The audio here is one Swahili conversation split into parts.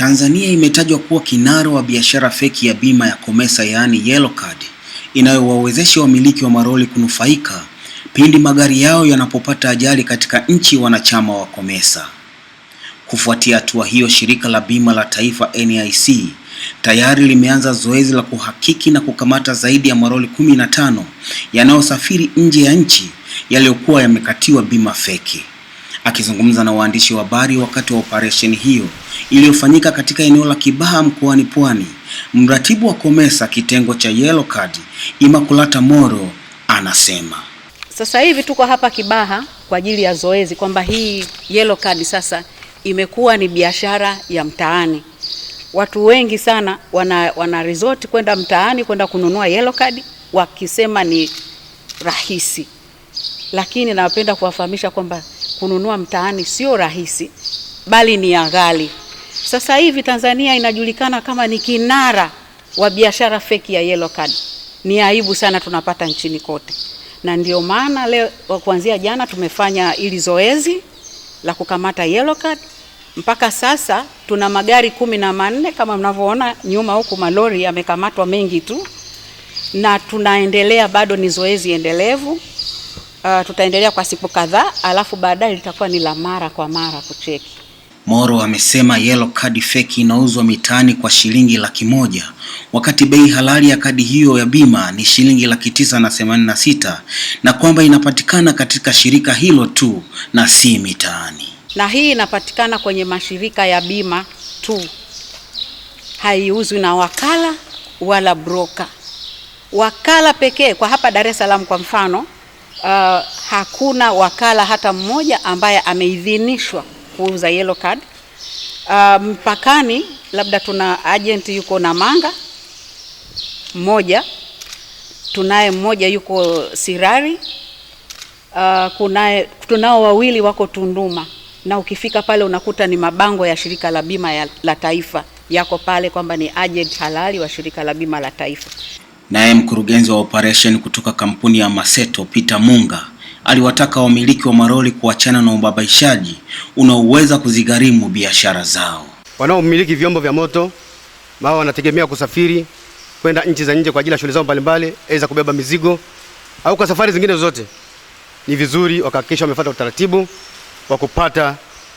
Tanzania imetajwa kuwa kinara wa biashara feki ya bima ya COMESA yaani yellow card inayowawezesha wamiliki wa maroli kunufaika pindi magari yao yanapopata ajali katika nchi wanachama wa COMESA. Kufuatia hatua hiyo, shirika la bima la taifa NIC tayari limeanza zoezi la kuhakiki na kukamata zaidi ya maroli kumi na tano yanayosafiri nje ya nchi yaliyokuwa yamekatiwa bima feki. Akizungumza na waandishi wa habari wakati wa operesheni hiyo iliyofanyika katika eneo la Kibaha mkoani Pwani, mratibu wa COMESA kitengo cha Yellow Card Imakulata Moro anasema sasa hivi tuko hapa Kibaha kwa ajili ya zoezi kwamba hii Yellow Card sasa imekuwa ni biashara ya mtaani. Watu wengi sana wana, wana resort kwenda mtaani kwenda kununua Yellow Card wakisema ni rahisi, lakini napenda kuwafahamisha kwamba kununua mtaani sio rahisi, bali ni ya ghali. Sasa hivi Tanzania inajulikana kama ni kinara wa biashara feki ya yellow card. Ni aibu sana tunapata nchini kote, na ndio maana leo kuanzia jana tumefanya ili zoezi la kukamata yellow card. Mpaka sasa tuna magari kumi na manne kama mnavyoona nyuma huku, malori yamekamatwa mengi tu, na tunaendelea bado, ni zoezi endelevu. Uh, tutaendelea kwa siku kadhaa alafu baadaye litakuwa ni la mara kwa mara kucheki. Moro amesema yellow card fake inauzwa mitaani kwa shilingi laki moja wakati bei halali ya kadi hiyo ya bima ni shilingi laki tisa na themanini na sita na kwamba inapatikana katika shirika hilo tu na si mitaani, na hii inapatikana kwenye mashirika ya bima tu, haiuzwi na wakala wala broka. Wakala pekee kwa hapa Dar es Salaam kwa mfano uh, hakuna wakala hata mmoja ambaye ameidhinishwa kuuza yellow card uh, mpakani. labda tuna agent yuko Namanga mmoja, tunaye mmoja yuko Sirari, uh, kunaye tunao wawili wako Tunduma, na ukifika pale unakuta ni mabango ya shirika la bima ya, la taifa yako pale kwamba ni agent halali wa shirika la bima la taifa. Naye mkurugenzi wa operation kutoka kampuni ya Maseto Peter Munga aliwataka wamiliki wa maroli kuachana na ubabaishaji unaoweza kuzigharimu biashara zao. Wanaomiliki vyombo vya moto ambao wanategemea kusafiri kwenda nchi za nje kwa ajili ya shughuli zao mbalimbali, aidha kubeba mizigo au kwa safari zingine zozote, ni vizuri wakahakikisha wamefuata utaratibu wa kupata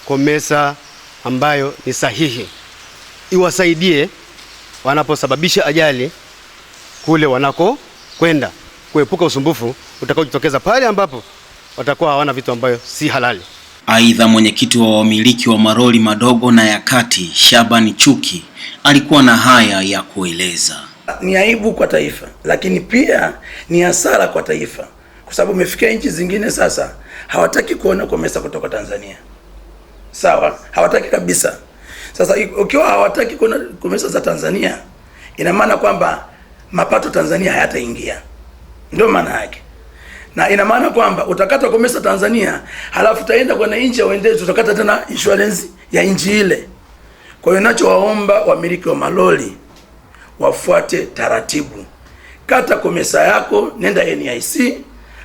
COMESA ambayo ni sahihi, iwasaidie wanaposababisha ajali kule wanako kwenda kuepuka usumbufu utakaojitokeza pale ambapo watakuwa hawana vitu ambayo si halali. Aidha, mwenyekiti wa wamiliki wa maroli madogo na ya kati Shabani Chuki alikuwa na haya ya kueleza. Ni aibu kwa taifa, lakini pia ni hasara kwa taifa, kwa sababu umefikia nchi zingine sasa hawataki kuona kwa kutoka Tanzania. Sawa, hawataki kabisa. Sasa ukiwa hawataki kuona kwa za Tanzania, ina maana kwamba mapato Tanzania hayataingia, ndio maana yake. Na ina maana kwamba utakata COMESA Tanzania, halafu utaenda kwa nchi ya uendezi, utakata tena insurance ya nchi ile. Kwa hiyo ninachowaomba wamiliki wa maloli wafuate taratibu. Kata COMESA yako, nenda NIC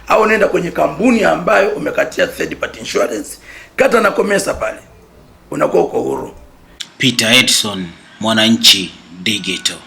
au nenda kwenye kampuni ambayo umekatia third party insurance, kata na COMESA pale, unakuwa uko huru. Peter Edson, Mwananchi Digital.